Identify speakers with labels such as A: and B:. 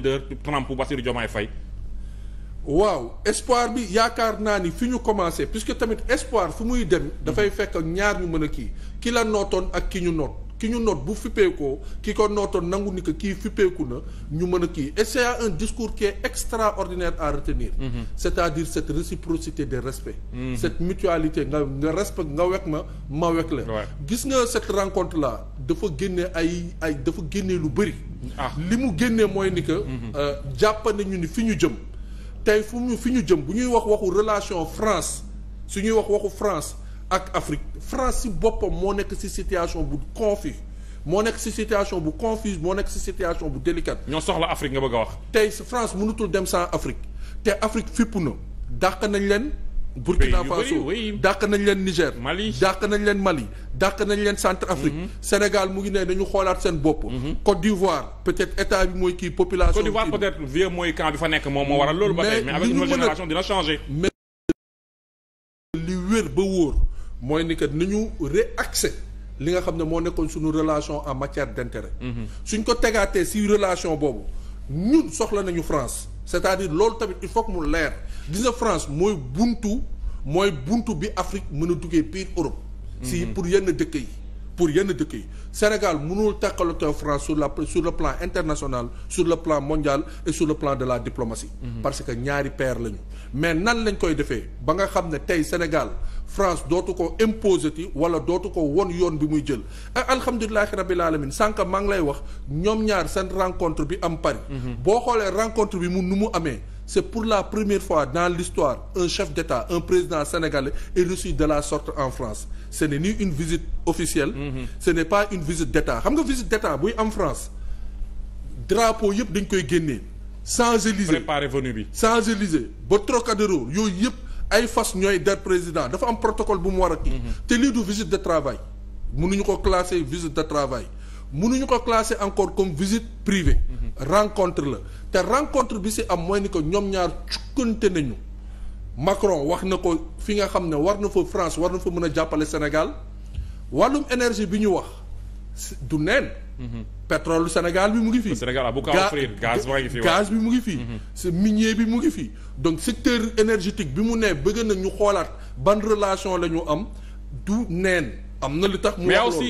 A: leader Trump bu Bassirou Diomaye Faye waaw espoir bi yaakaar naa ni fi ñu commencé puisque tamit espoir fu muy dem dafay fekk ñaar ñu mën a kii ki la nootoon ak ki ñu noot ki ñu noot bu fippeekoo ki ko nootoon nangu ni que kii fippeeku na ñu mën a kii et c'est un discours qui est extraordinaire à retenir mm -hmm. c'est-à-dire cette réciprocité des respects mm -hmm. cette mutualité nga nga respect nga wekk ma ma wekk la gis nga cette rencontre là dafa génne ay ay dafa génne lu bëri ah. li mu génnee mooy ni que mm-hmm. euh, jàpp ñu ni fi ñu jëm tey fu mu fi ñu jëm bu ñuy wax waxu relation France su ñuy wax waxu France ak Afrique France si boppam moo nekk si situation bu confus moo nekk si situation bu confuse moo nekk si situation bu délicate. ñoo soxla Afrique nga bëgg a wax. tey France mënutul dem sans Afrique te Afrique fipp na dàq nañ leen. Burkina Faso dàq nañ leen Niger. Mali dàq nañ leen Mali dàq nañ leen Centrafrique. Mhm. Sénégal mu ngi ne dañu xoolaat seen bopp. Mhm. Côte d'Ivoire peut-être état bi mooy population. Côte d'Ivoire peut-être mooy camp bi fa nekk moom moo waral loolu. ba tey mais avec une nouvelle génération dina changer. mais li wér ba wóor. mooy ni que ni ñu réaxé li nga xam ne moo nekkoon suñu relation en matière d'intérêt mhm. suñ ko tegaatee si relation boobu ñun soxla nañu France c'est-à-dire loolu tamit il faut que mu leer gis France mooy buntu mooy buntu bi Afrique mën a duggee biir Europe si mhm. pour yenn dëkk yi pour yenn dëkk yi Sénégal mënul tàqale ko France sur la sur le plan international sur le plan mondial et sur le plan de la diplomatie mhm. parce que ñaari paire lañu mais nan lañ koy defee ba nga xam ne tey Sénégal France dootu ko imposer ti wala dootu ko won yoon bi muy jël ak ah, alhamdulilahi rabil alamin sànq maa ngi lay wax ñoom ñaar seen rencontre bi am Paris mhm. boo xoolee rencontre bi mu nu mu amee c'est pour la première fois dans l'histoire un chef d'État un président sénégalais est reçu de la sorte en France ce n'est ni une visite officielle mhm. ce n'est pas une visite d'État xam nga visite d'État buy am France drapeau yëpp dañ koy génnee Champs-Élysées préparé venue bi Champs-Élysées ba Trocadéro yooyu yëpp ay fas ñooy der président dafa am protocole bu mu war a kii. Mhm. te lii du visite de travail mënuñu ko classer visite de travail mënuñu ko classer encore comme visite privée. Mhm. rencontre la te rencontre bi si am mooy ni ko ñoom ñaar cukkante nañu. Macron wax na ko fi nga xam ne war na fa France war na fa mën a jàppale Sénégal wàllum énergie bi ñu wax. du neen. pétrole Sénégal bi mu ngi fii. Sénégal ah, bu ko offrir gaz baa bi mu ngi fii. Mhm. minier bi mu ngi fii donc secteur énergétique bi mu nee bëgg na ñu xoolaat ban relation la ñu am du neen am na lu tax. mu wax